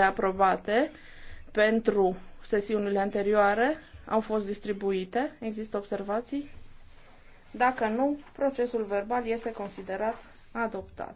aprobate pentru sesiunile anterioare au fost distribuite. Există observații? Dacă nu, procesul verbal este considerat adoptat.